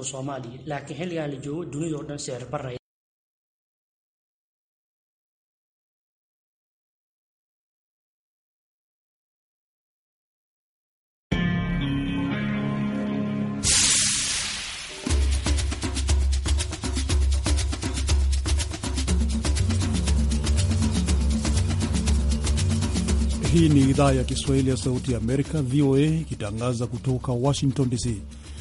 oo soomaaliya laakiin xilligaa la joogo dunida oo dhan sicir Hii ni idhaa ya Kiswahili ya Sauti ya Amerika, VOA, ikitangaza kutoka Washington DC.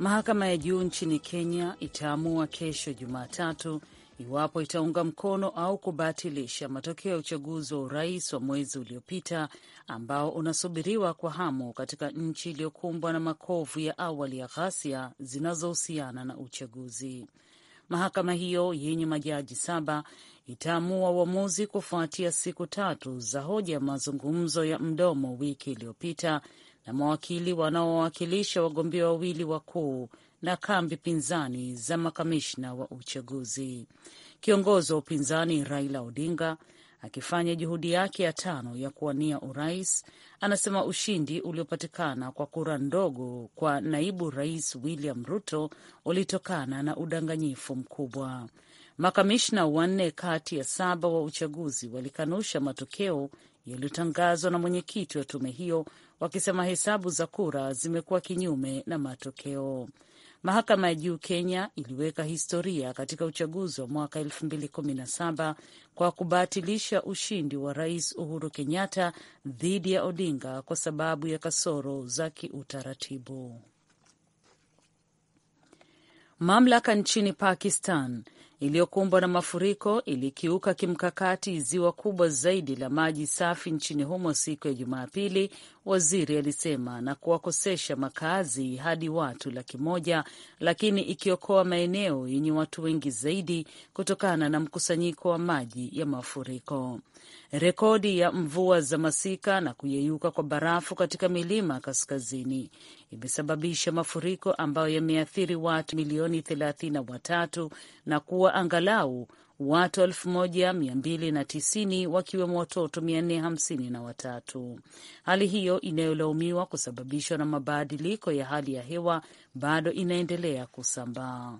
Mahakama ya juu nchini Kenya itaamua kesho Jumatatu iwapo itaunga mkono au kubatilisha matokeo ya uchaguzi wa urais wa mwezi uliopita ambao unasubiriwa kwa hamu katika nchi iliyokumbwa na makovu ya awali ya ghasia zinazohusiana na uchaguzi. Mahakama hiyo yenye majaji saba itaamua uamuzi kufuatia siku tatu za hoja ya mazungumzo ya mdomo wiki iliyopita na mawakili wanaowawakilisha wagombea wawili wakuu na kambi pinzani za makamishna wa uchaguzi. Kiongozi wa upinzani Raila Odinga akifanya juhudi yake ya tano ya kuwania urais anasema ushindi uliopatikana kwa kura ndogo kwa naibu rais William Ruto ulitokana na udanganyifu mkubwa. Makamishna wanne kati ya saba wa uchaguzi walikanusha matokeo yaliyotangazwa na mwenyekiti wa tume hiyo, wakisema hesabu za kura zimekuwa kinyume na matokeo. Mahakama ya juu Kenya iliweka historia katika uchaguzi wa mwaka 2017 kwa kubatilisha ushindi wa Rais Uhuru Kenyatta dhidi ya Odinga kwa sababu ya kasoro za kiutaratibu. Mamlaka nchini Pakistan iliyokumbwa na mafuriko ilikiuka kimkakati ziwa kubwa zaidi la maji safi nchini humo siku ya Jumapili, waziri alisema, na kuwakosesha makazi hadi watu laki moja, lakini ikiokoa maeneo yenye watu wengi zaidi kutokana na mkusanyiko wa maji ya mafuriko. Rekodi ya mvua za masika na kuyeyuka kwa barafu katika milima kaskazini imesababisha mafuriko ambayo yameathiri watu milioni thelathini na watatu na kuwa angalau watu elfu moja mia mbili na tisini wakiwemo watoto mia nne hamsini na watatu. Hali hiyo inayolaumiwa kusababishwa na mabadiliko ya hali ya hewa bado inaendelea kusambaa.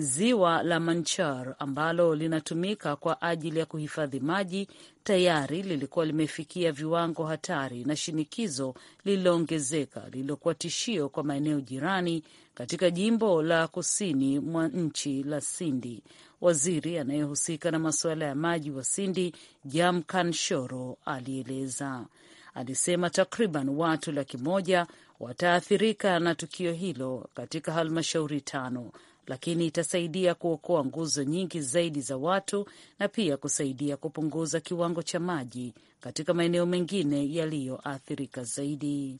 Ziwa la Manchar ambalo linatumika kwa ajili ya kuhifadhi maji tayari lilikuwa limefikia viwango hatari na shinikizo lililoongezeka lililokuwa tishio kwa maeneo jirani katika jimbo la kusini mwa nchi la Sindi. Waziri anayehusika na masuala ya maji wa Sindi, Jam Kanshoro, alieleza Alisema takriban watu laki moja wataathirika na tukio hilo katika halmashauri tano lakini itasaidia kuokoa nguzo nyingi zaidi za watu na pia kusaidia kupunguza kiwango cha maji katika maeneo mengine yaliyoathirika zaidi.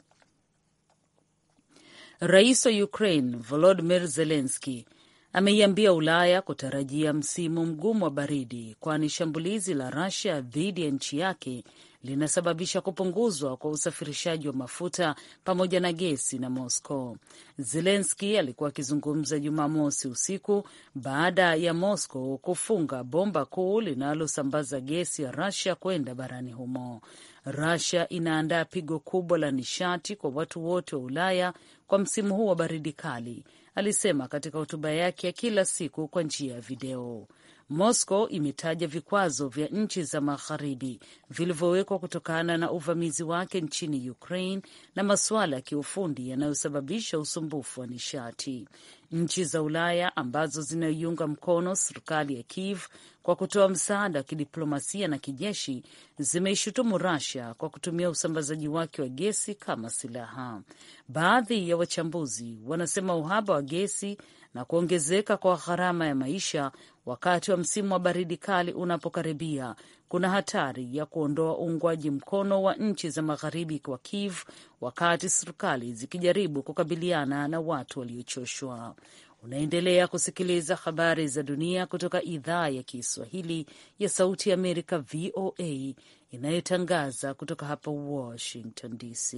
Rais wa Ukraine Volodymyr Zelensky ameiambia Ulaya kutarajia msimu mgumu wa baridi, kwani shambulizi la Russia dhidi ya nchi yake linasababisha kupunguzwa kwa usafirishaji wa mafuta pamoja na gesi na Moscow. Zelenski alikuwa akizungumza Jumamosi usiku baada ya Moscow kufunga bomba kuu linalosambaza gesi ya rasia kwenda barani humo. Russia inaandaa pigo kubwa la nishati kwa watu wote wa Ulaya kwa msimu huu wa baridi kali, alisema katika hotuba yake ya kila siku kwa njia ya video. Moscow imetaja vikwazo vya nchi za magharibi vilivyowekwa kutokana na uvamizi wake nchini Ukraine na masuala ya kiufundi yanayosababisha usumbufu wa nishati. Nchi za Ulaya ambazo zinaiunga mkono serikali ya Kiev kwa kutoa msaada wa kidiplomasia na kijeshi zimeishutumu Russia kwa kutumia usambazaji wake wa gesi kama silaha. Baadhi ya wachambuzi wanasema uhaba wa gesi na kuongezeka kwa gharama ya maisha wakati wa msimu wa baridi kali unapokaribia, kuna hatari ya kuondoa uungwaji mkono wa nchi za magharibi kwa Kiev wakati serikali zikijaribu kukabiliana na watu waliochoshwa. Unaendelea kusikiliza habari za dunia kutoka idhaa ya Kiswahili ya Sauti ya Amerika, VOA, inayotangaza kutoka hapa Washington DC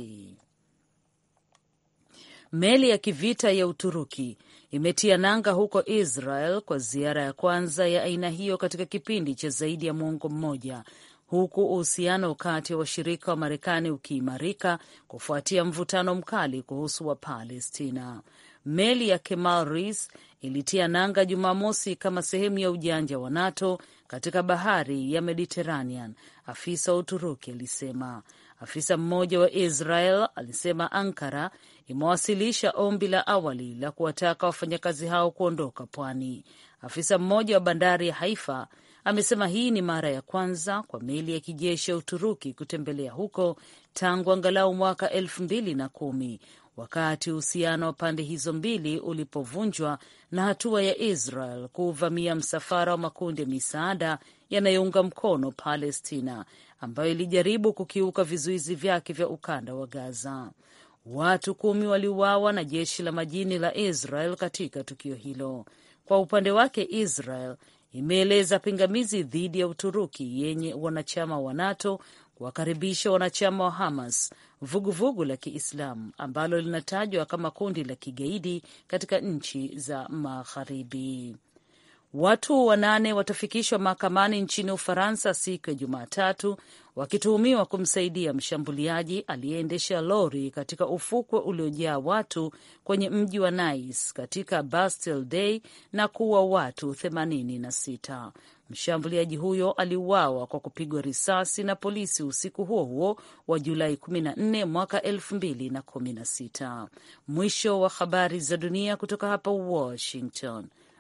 meli ya kivita ya Uturuki imetia nanga huko Israel kwa ziara ya kwanza ya aina hiyo katika kipindi cha zaidi ya mwongo mmoja huku uhusiano kati ya washirika wa Marekani ukiimarika kufuatia mvutano mkali kuhusu Wapalestina. Meli ya Kemal Reis ilitia nanga Jumamosi kama sehemu ya ujanja wa NATO katika bahari ya Mediterranean, afisa wa Uturuki alisema. Afisa mmoja wa Israel alisema Ankara imewasilisha ombi la awali la kuwataka wafanyakazi hao kuondoka pwani. Afisa mmoja wa bandari ya Haifa amesema hii ni mara ya kwanza kwa meli ya kijeshi ya Uturuki kutembelea huko tangu angalau mwaka elfu mbili na kumi wakati uhusiano wa pande hizo mbili ulipovunjwa na hatua ya Israel kuuvamia msafara wa makundi ya misaada yanayounga mkono Palestina ambayo ilijaribu kukiuka vizuizi vyake vya ukanda wa Gaza. Watu kumi waliuawa na jeshi la majini la Israel katika tukio hilo. Kwa upande wake, Israel imeeleza pingamizi dhidi ya Uturuki yenye wanachama wa NATO kuwakaribisha wanachama wa Hamas, vuguvugu la Kiislamu ambalo linatajwa kama kundi la kigaidi katika nchi za Magharibi. Watu wanane watafikishwa mahakamani nchini Ufaransa siku ya Jumatatu wakituhumiwa kumsaidia mshambuliaji aliyeendesha lori katika ufukwe uliojaa watu kwenye mji wa Nice katika Bastille Day na kuua watu 86. Mshambuliaji huyo aliuawa kwa kupigwa risasi na polisi usiku huo huo wa Julai 14 mwaka 2016. Mwisho wa habari za dunia kutoka hapa Washington.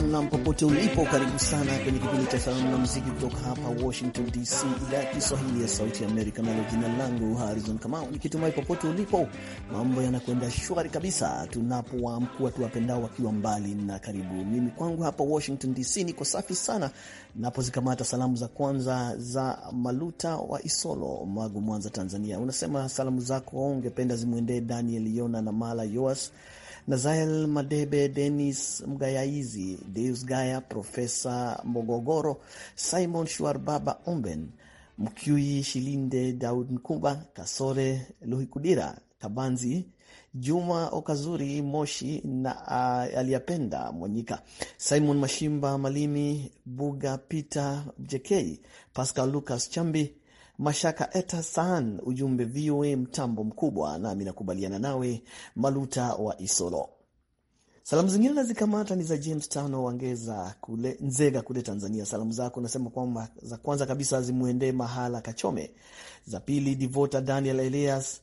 namna popote ulipo, karibu sana kwenye kipindi cha salamu na muziki kutoka hapa Washington DC, idhaa ya Kiswahili ya Sauti ya Amerika. Nalo jina langu Harizon Kamau, nikitumai popote ulipo mambo yanakwenda shwari kabisa, tunapowaamkua tuwapendao wakiwa mbali na karibu. Mimi kwangu hapa Washington DC niko safi sana, napozikamata salamu za kwanza za Maluta wa Isolo, Magu, Mwanza, Tanzania. Unasema salamu zako ungependa zimwendee Daniel Yona na Mala Yoas Nazael Madebe, Denis Mgayaizi, Deus Gaya, Profesa Mogogoro, Simon Shuarbaba Omben Mkyui, Shilinde Daud, Nkuba Kasore, Luhikudira Kabanzi, Juma Okazuri Moshi na uh, aliyapenda Mwanyika, Simon Mashimba, Malimi Buga, Peter Jekei, Pascal Lucas Chambi Mashaka etasan ujumbe VOA mtambo mkubwa, nami nakubaliana nawe Maluta wa Isolo. Salamu zingine nazikamata ni za James Tano Wangeza kule Nzega kule Tanzania. Salamu zako nasema kwamba za kwanza kabisa zimwendee Mahala Kachome, za pili Divota Daniel Elias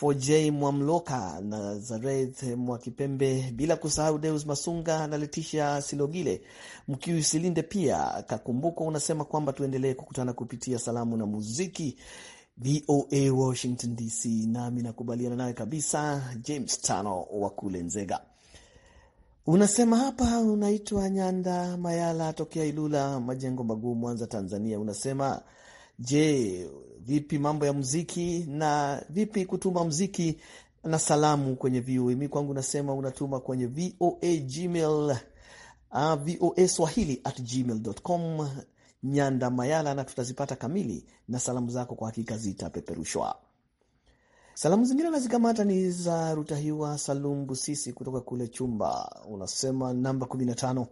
4J Mwamloka, na Zareth Mwakipembe, bila kusahau Deus Masunga na Letisha Silogile mkiusilinde. Pia Kakumbuko unasema kwamba tuendelee kukutana kupitia salamu na muziki VOA Washington DC, nami nakubaliana naye kabisa. James Tano wa kule Nzega unasema hapa, unaitwa Nyanda Mayala tokea Ilula Majengo Maguu, Mwanza, Tanzania, unasema Je, vipi mambo ya muziki na vipi kutuma muziki na salamu kwenye VOA? Mi kwangu nasema unatuma kwenye VOA Gmail, uh, ah, VOA Swahili at gmail.com. Nyanda Mayala na tutazipata kamili na salamu zako kwa hakika zitapeperushwa. Salamu zingine nazikamata ni za Rutahiwa Salumbu sisi kutoka kule Chumba, unasema namba 15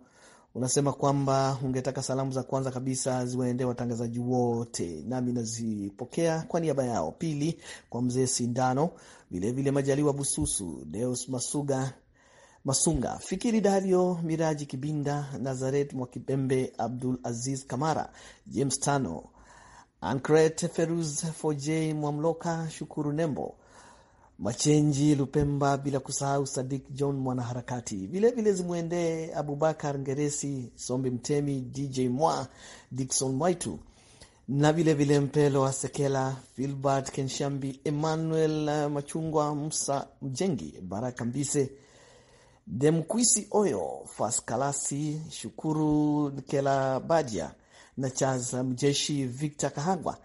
Unasema kwamba ungetaka salamu za kwanza kabisa ziwaendee watangazaji wote, nami nazipokea kwa niaba yao. Pili, kwa mzee Sindano, vilevile Majaliwa Bususu, Deus Masuga Masunga, Fikiri Dario, Miraji Kibinda, Nazaret Mwakipembe, Abdul Aziz Kamara, James Tano, Ancret Ferus, foj Mwamloka, Shukuru Nembo, Machenji Lupemba, bila kusahau Sadik John mwanaharakati. Vilevile zimwendee Abubakar Ngeresi, Sombi Mtemi, DJ Mwa, Dikson Mwaitu na vilevile Mpelo wa Sekela, Filbert Kenshambi, Emmanuel Machungwa, Musa Mjengi, Baraka Mbise, Demkwisi Oyo, Faskalasi Shukuru Nkela Badia na Chaza Mjeshi, Victor Kahangwa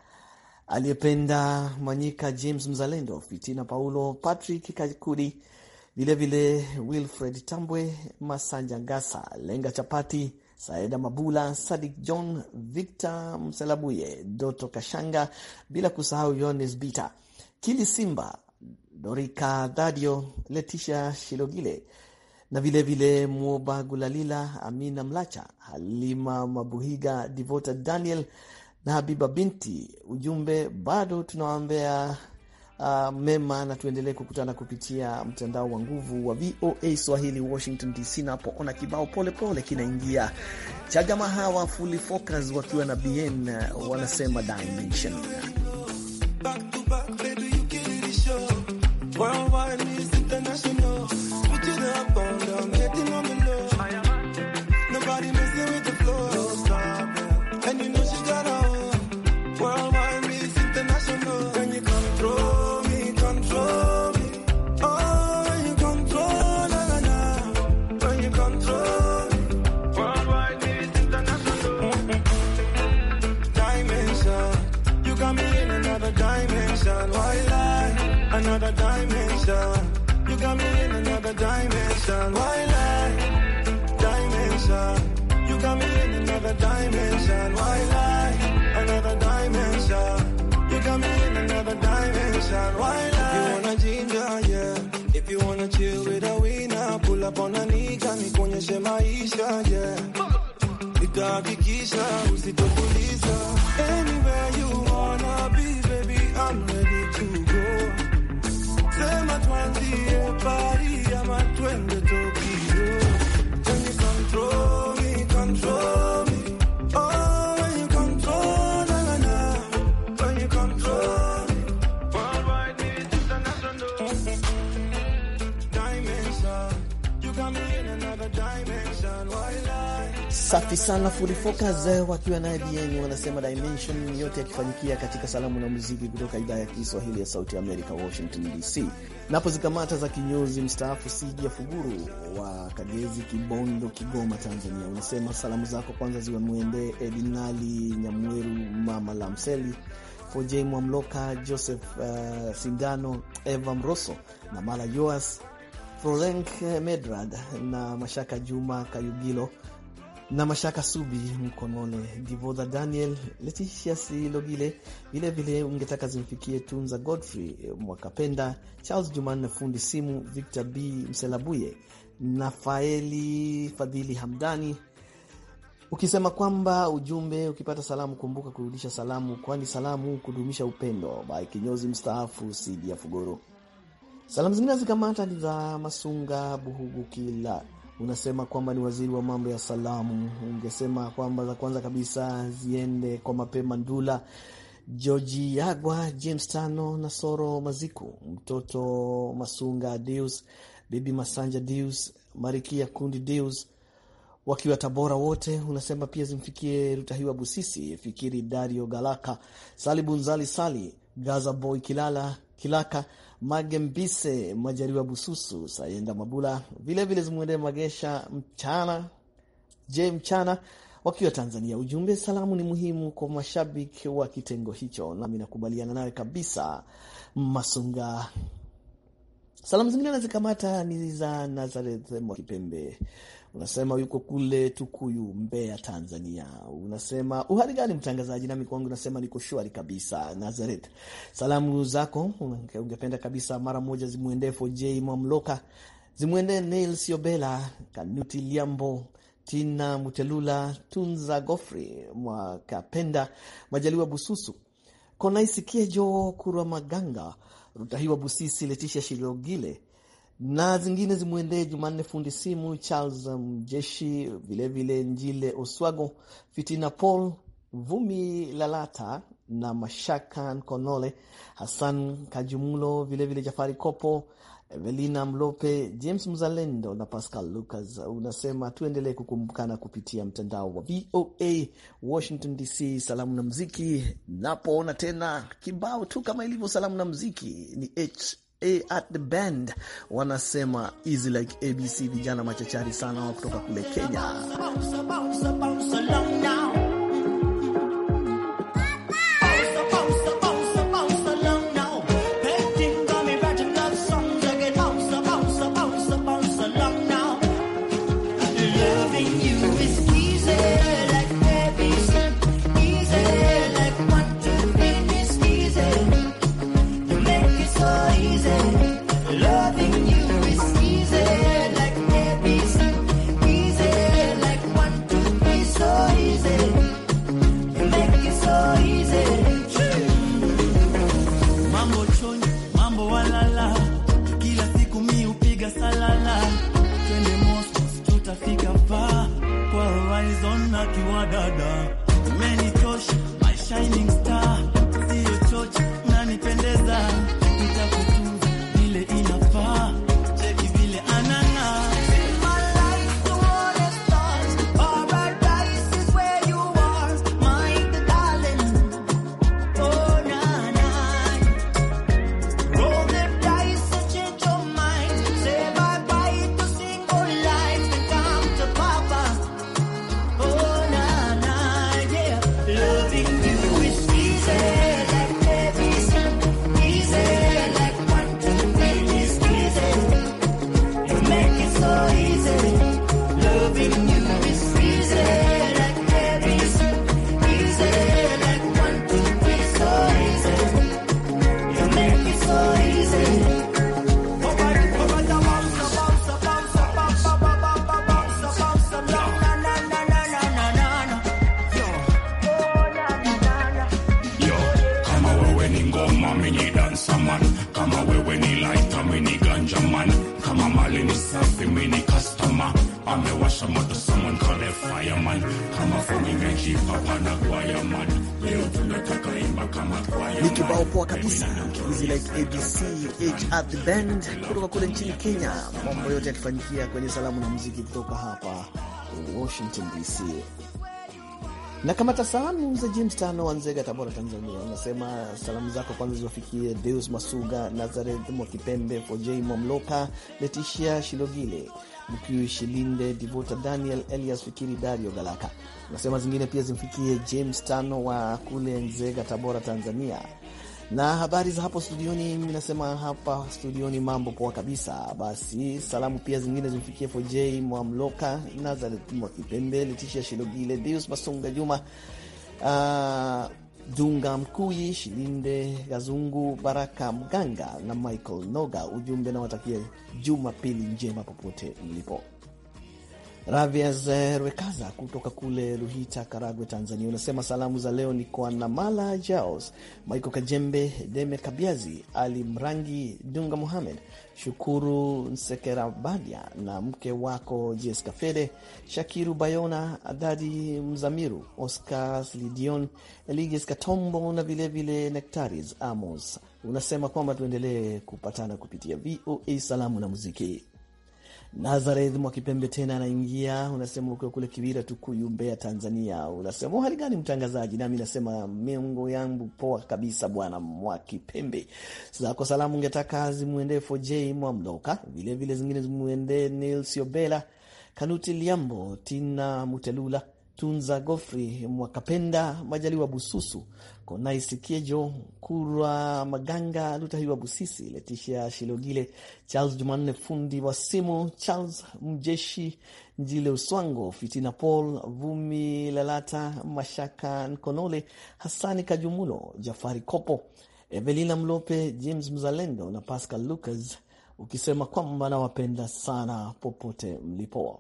aliyependa Manyika, James Mzalendo, Fitina Paulo, Patrick Kakudi, vilevile Wilfred Tambwe, Masanja Ngasa, Lenga Chapati, saeda Mabula, Sadik John, Victor Mselabuye, Doto Kashanga, bila kusahau Yones Bita, Kili Simba, Dorika Dadio, Letisha Shilogile na vilevile Mwoba Gulalila, Amina Mlacha, Halima Mabuhiga, Divota Daniel na Habiba Binti. Ujumbe bado tunawaambea uh, mema na tuendelee kukutana kupitia mtandao wa nguvu wa VOA Swahili Washington DC. Napoona kibao polepole kinaingia cha jamaa hawa Fully Focus wakiwa na BN wanasema Dimension. another dimension. Why lie? Another dimension. You got in another dimension. Why lie? You wanna ginger, yeah. If you wanna chill with a winner, pull up on a nigga, nikuonyeshe maisha, yeah. Nitahakikisha usitokuliza. Anywhere you wanna be, baby, I'm ready to go. Sema tuanzie pari ama twende tu Safi sana Furifocus eh, wakiwa naye Bien wanasema dimension yote yakifanyikia katika salamu na muziki kutoka idhaa ya Kiswahili ya Sauti ya Amerika, Washington DC. Napo zikamata za kinyozi mstaafu ya Fuguru wa Kagezi, Kibondo, Kigoma, Tanzania, unasema salamu zako kwanza ziwe mwendee Edinali Nyamweru, Mama Lamseli, Foj Mwamloka, Joseph uh, Sindano, Eva Mroso na Mala Joas, Florenk Medrad na Mashaka Juma Kayugilo na Mashaka Subi Mkonole, Divodha Daniel, Leticia Silogile, vilevile ungetaka zimfikie Tunza Godfrey Mwakapenda, Charles Jumanne fundi simu, Victor B Mselabuye, Nafaeli Fadhili Hamdani, ukisema kwamba ujumbe ukipata salamu kumbuka kurudisha salamu, kwani salamu kudumisha upendo. bakinyozi kinyozi mstaafu Sidi ya Fugoro. Salamu zingine zikamata ni za Masunga Buhugu kila unasema kwamba ni waziri wa mambo ya salamu, ungesema kwamba za kwanza kabisa ziende kwa mapema Ndula Georgi Yagwa, James Tano, na soro Maziku, mtoto Masunga Deus, bibi Masanja Deus, Marikia Kundi Deus wakiwa Tabora wote. Unasema pia zimfikie Rutahiwa Busisi, Fikiri Dario Galaka, Sali Bunzali Sali, Gaza Boy, Kilala Kilaka Magembise, Majariwa Bususu, Sayenda Mabula, vilevile zimwendee Magesha Mchana Je Mchana wakiwa Tanzania. Ujumbe salamu ni muhimu kwa mashabiki wa kitengo hicho, nami nakubaliana nawe kabisa, Masunga. Salamu zingine nazikamata ni za Nazareth Mwakipembe Unasema yuko kule Tukuyu, Mbeya, Tanzania. Unasema uhali gani mtangazaji? Nami kwangu nasema niko shwari kabisa. Nazareth, salamu zako ungependa kabisa mara moja zimwendee FJ Mamloka, zimwendee Neil Siobela, Kanuti Liambo, Tina Mutelula, Tunza Gofri, Mwakapenda Majaliwa, Bususu Konaisikie, Jo Kurwa, Maganga Rutahiwa, Busisi, Letisha Shilogile na zingine zimwendee Jumanne fundi simu, Charles Mjeshi, um, vilevile Njile Oswago, Fitina Paul Vumi Lalata na Mashaka Nkonole, Hassan Kajumulo, vilevile Jafari Kopo, Evelina Mlope, James Mzalendo na Pascal Lucas. Unasema tuendelee kukumbukana kupitia mtandao wa VOA Washington DC. Salamu na mziki, napoona tena kibao tu kama ilivyo salamu na mziki ni H A at the band wanasema easy like ABC, vijana machachari sana kutoka kule Kenya. ni kibao poa kabisa kizi like abc at the band kutoka kule nchini Kenya. Mambo yote yakifanyikia kwenye salamu na muziki kutoka hapa Washington DC. Na kamata salamu za James Tano Wanzega, Tabora, Tanzania. Unasema salamu zako kwanza ziwafikie Deus Masuga, Nazareth Mwakipembe, Fojei Mwamloka, Letishia Shilogile, Mkiu Shilinde, Divota Daniel, Elias Fikiri, Dario Galaka. Unasema zingine pia zimfikie James Tano wa kule Nzega, Tabora, Tanzania. Na habari za hapo studioni, mimi nasema hapa studioni mambo poa kabisa. Basi salamu pia zingine zimfikie Fojei Mwamloka, Nazareth Ipembe, Letisha Shilogile, Deus Masunga Juma, uh, Dunga Mkuyi, Shilinde Gazungu, Baraka Mganga na Michael Noga. Ujumbe nawatakia Jumapili njema popote mlipo. Ravias Rwekaza kutoka kule Ruhita, Karagwe, Tanzania, unasema salamu za leo ni kwa Namala Jaos, Maiko Kajembe, Deme Kabiazi, Ali Mrangi, Dunga Muhamed, Shukuru Nsekerabadia na mke wako Jeska Fede, Shakiru Bayona, Adadi Mzamiru, Oscar Lidion, Eliges Katombo na vilevile Nektaris Amos. Unasema kwamba tuendelee kupatana kupitia VOA salamu na muziki. Nazareth Mwakipembe tena anaingia, unasema ukiwa kule Kiwira, Tukuyu, Mbeya, Tanzania. Unasema hali gani mtangazaji? Nami nasema mengo yangu poa kabisa, bwana Mwakipembe. Zako salamu ungetaka zimwendee FJ Mwamloka, vilevile zingine zimwendee nelsiobela Kanuti Liambo, Tina Mutelula Tunza Gofri Mwakapenda Majaliwa Bususu Konaisikiejo Kurwa Maganga Lutahiwa Busisi Letisha Shilogile Charles Jumanne fundi wa simu Charles Mjeshi Njile Uswango Fitina Paul Vumi Lalata Mashaka Nkonole Hasani Kajumulo Jafari Kopo Evelina Mlope James Mzalendo na Pascal Lucas ukisema kwamba nawapenda sana popote mlipo.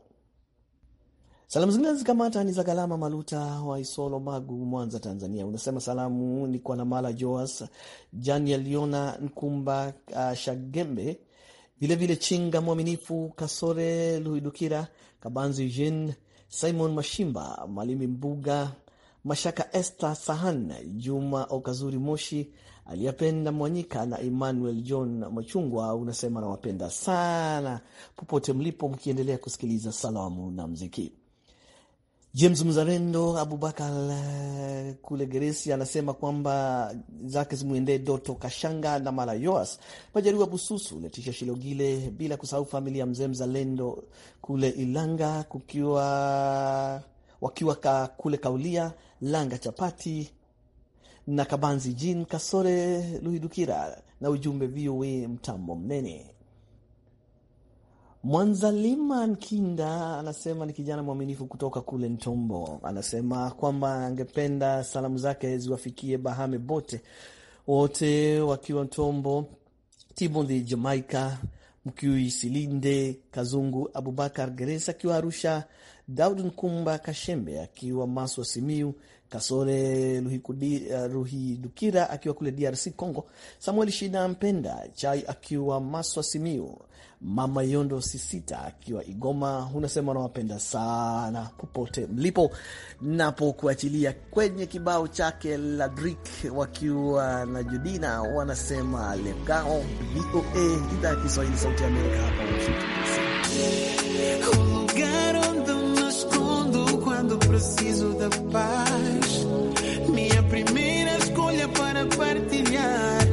Salamu zingine zikamata ni za Galama Maluta wa Isolo, Magu, Mwanza, Tanzania. Unasema salamu ni kwa Namala Joas, Jania Liona Nkumba, uh, Shagembe, vilevile vile Chinga Mwaminifu, Kasore Luidukira, Kabanzi Jen, Simon Mashimba, Malimi Mbuga, Mashaka Esther Sahan, Juma Okazuri Moshi, Aliyapenda Mwanyika na Emmanuel John Machungwa. Unasema nawapenda sana popote mlipo, mkiendelea kusikiliza salamu na mziki. James Mzalendo Abubakar eh, kule Geresi anasema kwamba zake zimwendee Doto Kashanga na Mara Yoas Majariwa Bususu, Letisha Shilogile, bila kusahau familia mzee Mzalendo kule Ilanga kukiwa wakiwa ka, kule Kaulia Langa Chapati na Kabanzi Jin Kasore Luhidukira na ujumbe VOA mtambo mnene Mwanzaliman Kinda anasema ni kijana mwaminifu kutoka kule Ntombo. Anasema kwamba angependa salamu zake ziwafikie Bahame bote wote wakiwa Ntombo, Timothy Jamaica, Mkiui Silinde Kazungu, Abubakar Geresa akiwa Arusha, Daud Nkumba Kashembe akiwa Maswa Simiu, Kasore eh, Ruhidukira akiwa kule DRC Congo, Samuel Shida Mpenda Chai akiwa Maswa Simiu, Mama Yondo Sisita akiwa Igoma. Unasema unawapenda sana popote mlipo, napokuachilia kwenye kibao chake Ladrik wakiwa na Judina, wanasema legao. VOA idhaa ya Kiswahili, Sauti ya Amerika hapa Washington DC. preciso da paz. Minha primeira escolha para partilhar.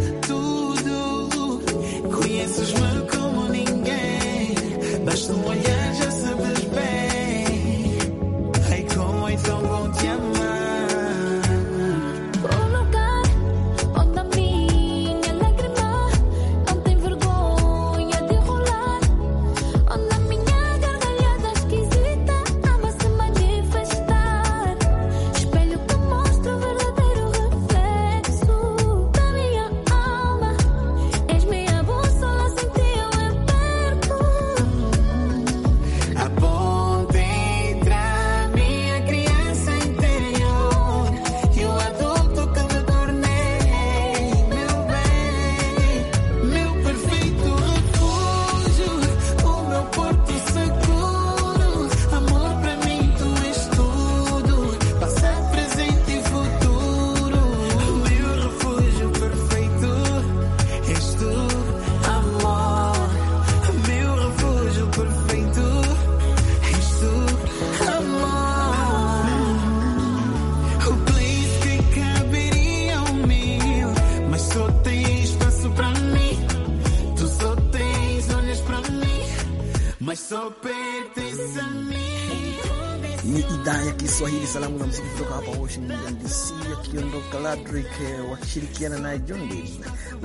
akishirikiana naye John Dee,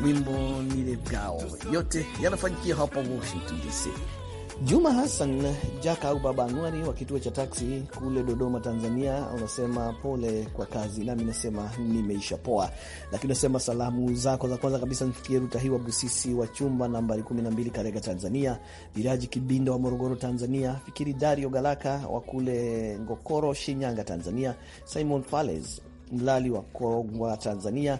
wimbo nilegao. Yote yanafanyikia hapa Washington DC. Juma Hassan Jack au Baba Anwari wa kituo cha taksi kule Dodoma, Tanzania, unasema pole kwa kazi, nami nasema nimeisha poa, lakini unasema salamu zako za kwanza kabisa mfikie Rutahiwa Busisi wa chumba nambari 12 Karega, Tanzania, Viraji Kibinda wa Morogoro, Tanzania, Fikiri Dario Galaka wa kule Ngokoro, Shinyanga, Tanzania, Simon Fales Mlali wa Kongwa, Tanzania.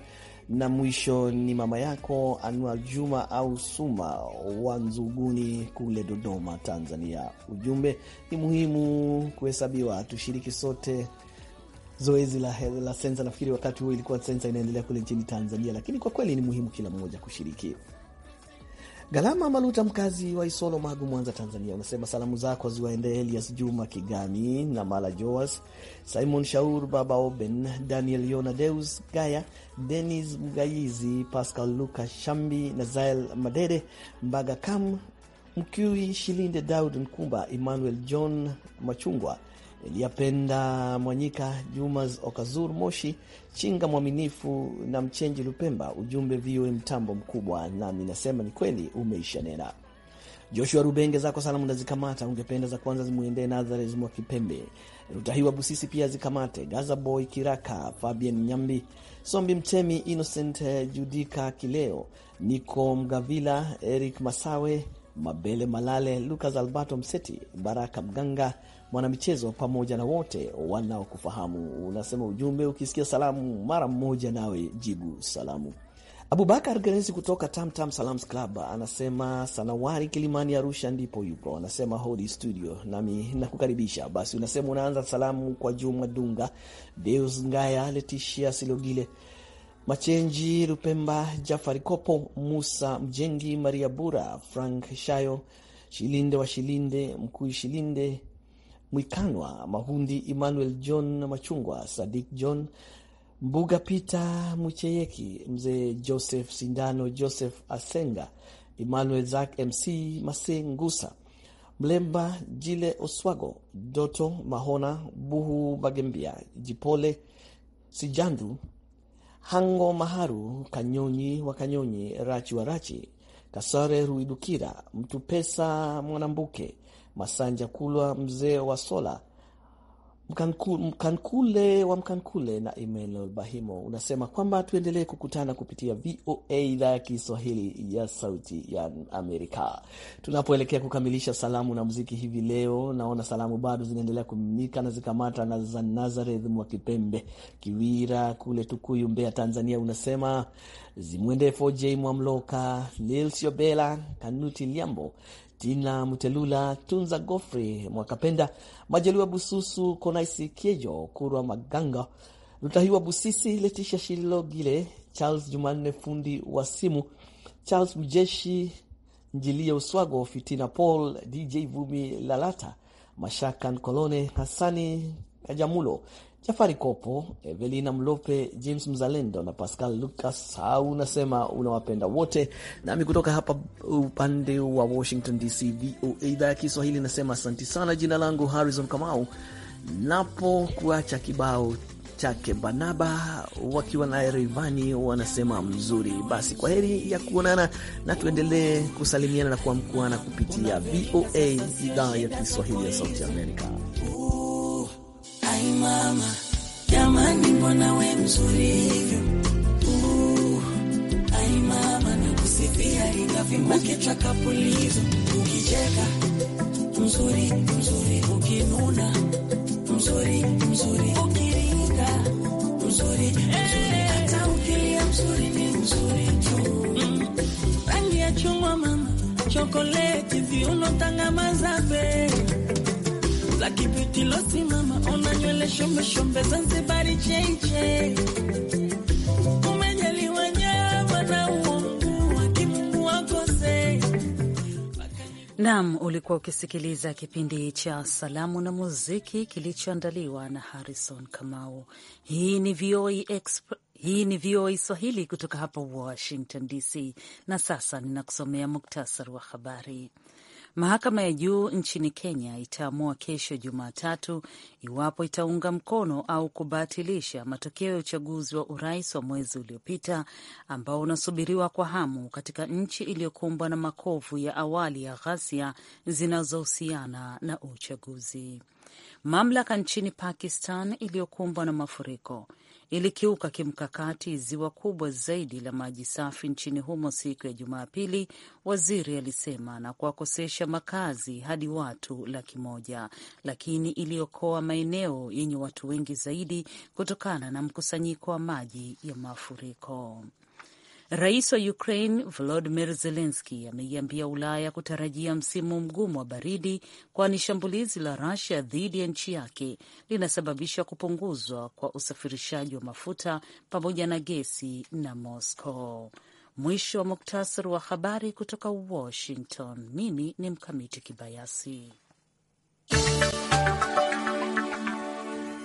Na mwisho ni mama yako Anua Juma au Suma wa Nzuguni kule Dodoma, Tanzania. Ujumbe ni muhimu kuhesabiwa, tushiriki sote zoezi la, la sensa. Nafikiri wakati huo ilikuwa sensa inaendelea kule nchini Tanzania, lakini kwa kweli ni muhimu kila mmoja kushiriki. Galama Maluta, mkazi wa Isolo, Magu, Mwanza, Tanzania, unasema salamu zako ziwaendee Elias Juma Kigami na Mala Joas, Simon Shaur, Baba Oben, Daniel Yona, Deus Gaya, Denis Mgayizi, Pascal Luka Shambi, Nazael Madede, Mbaga Kam Mkiwi, Shilinde, Daud Nkumba, Emmanuel John Machungwa Eliyapenda Mwanyika, Jumas Okazur Moshi, Chinga Mwaminifu na Mchenji Lupemba. Ujumbe VOA mtambo mkubwa, nami nasema ni kweli, umeisha nena. Joshua Rubenge, zako salamu nazikamata. Ungependa za kwanza zimwendee Nazareth mwa Kipembe, Rutahiwa Busisi, pia zikamate Gaza Boy Kiraka, Fabian Nyambi, Sombi Mtemi, Innocent eh, Judika Kileo, Niko Mgavila, Eric Masawe, Mabele Malale, Lucas Alberto Mseti, Baraka Mganga, mwanamichezo pamoja na wote wanaokufahamu. Unasema ujumbe, ukisikia salamu mara mmoja nawe jibu salamu. Abubakar Grezi kutoka Tamtam Salams Club anasema Sanawari Kilimani, Arusha ndipo yupo. Anasema hodi studio, nami nakukaribisha. Basi unasema unaanza salamu kwa Juma Dunga, Deus Ngaya, Letishia Silogile, Machenji Rupemba, Jafari Kopo, Musa Mjengi, Maria Bura, Frank Shayo, Shilinde wa Shilinde, Mkuu Shilinde Mwikanwa Mahundi, Emmanuel John Machungwa, Sadik John Mbuga, Peter Mucheyeki, Mzee Joseph Sindano, Joseph Asenga, Emmanuel Zak, Mc Masengusa, Mlemba Jile, Oswago Doto, Mahona Buhu, Bagembia, Jipole Sijandu, Hango Maharu, Kanyonyi wa Kanyonyi, Rachi wa Rachi, Kasare Ruidukira, Mtupesa Mwanambuke, Masanja Kulwa, mzee wa Sola, Mkankule, wa Mkankule na Emmanuel Bahimo, unasema kwamba tuendelee kukutana kupitia VOA idhaa ya Kiswahili ya Sauti ya Amerika. Tunapoelekea kukamilisha salamu na muziki hivi leo, naona salamu bado zinaendelea kumimika na zikamata na za Nazareth mwa Kipembe Kiwira kule Tukuyu, Mbeya, Tanzania, unasema zimwende FJ Mwamloka, Lilsiobela Kanuti Liambo Tina Mutelula, Tunza Gofri Mwakapenda, Majaliwa Bususu, Konaisi Kiejo, Kurwa Maganga, Lutahiwa Busisi, Letisha gile Charles Jumanne fundi wa simu, Charles Mjeshi, Njilia Uswago, Fitina Paul, DJ Vumi Lalata, Mashaka Nkolone, Hasani Kajamulo, Jafari Kopo, Evelina Mlope, James Mzalendo na Pascal Lucas au unasema unawapenda wote. Nami kutoka hapa upande wa Washington DC, VOA idhaa ya Kiswahili nasema asanti sana. Jina langu Harrison Kamau, napokuacha kibao chake Banaba wakiwa na Rivani wanasema mzuri. Basi kwa heri ya kuonana, na tuendelee kusalimiana na kuamkuana kupitia VOA idhaa ya Kiswahili ya Sauti Amerika. Ai mama, jamani, mbona we mzuri hivyo? Uh, ai mama, nakusifia ingavi mwake chakapulizo, ukicheka mzuri mzuri, ukinuna mzuri mzuri, ukirika mzuri mzuri, hata ukilia mzuri ni mzuri tu. Rangi ya chungwa mama, chokoleti, viuno, tangamazape nam ona nywele shombe shombe, Zanzibari cheche, ulikuwa ukisikiliza kipindi cha salamu na muziki kilichoandaliwa na Harrison Kamau. Hii ni VOA e Exp Hii ni VOA e Swahili kutoka hapa Washington DC, na sasa ninakusomea muktasari wa habari. Mahakama ya juu nchini Kenya itaamua kesho Jumatatu iwapo itaunga mkono au kubatilisha matokeo ya uchaguzi wa urais wa mwezi uliopita ambao unasubiriwa kwa hamu katika nchi iliyokumbwa na makovu ya awali ya ghasia zinazohusiana na uchaguzi. Mamlaka nchini Pakistan iliyokumbwa na mafuriko ilikiuka kimkakati ziwa kubwa zaidi la maji safi nchini humo siku ya Jumapili, waziri alisema, na kuwakosesha makazi hadi watu laki moja, lakini iliokoa maeneo yenye watu wengi zaidi kutokana na mkusanyiko wa maji ya mafuriko. Rais wa Ukraine Volodymyr zelenski ameiambia Ulaya kutarajia msimu mgumu wa baridi, kwani shambulizi la rasia dhidi ya nchi yake linasababisha kupunguzwa kwa usafirishaji wa mafuta pamoja na gesi na Moscow. Mwisho wa muktasari wa habari kutoka Washington. Mimi ni Mkamiti Kibayasi.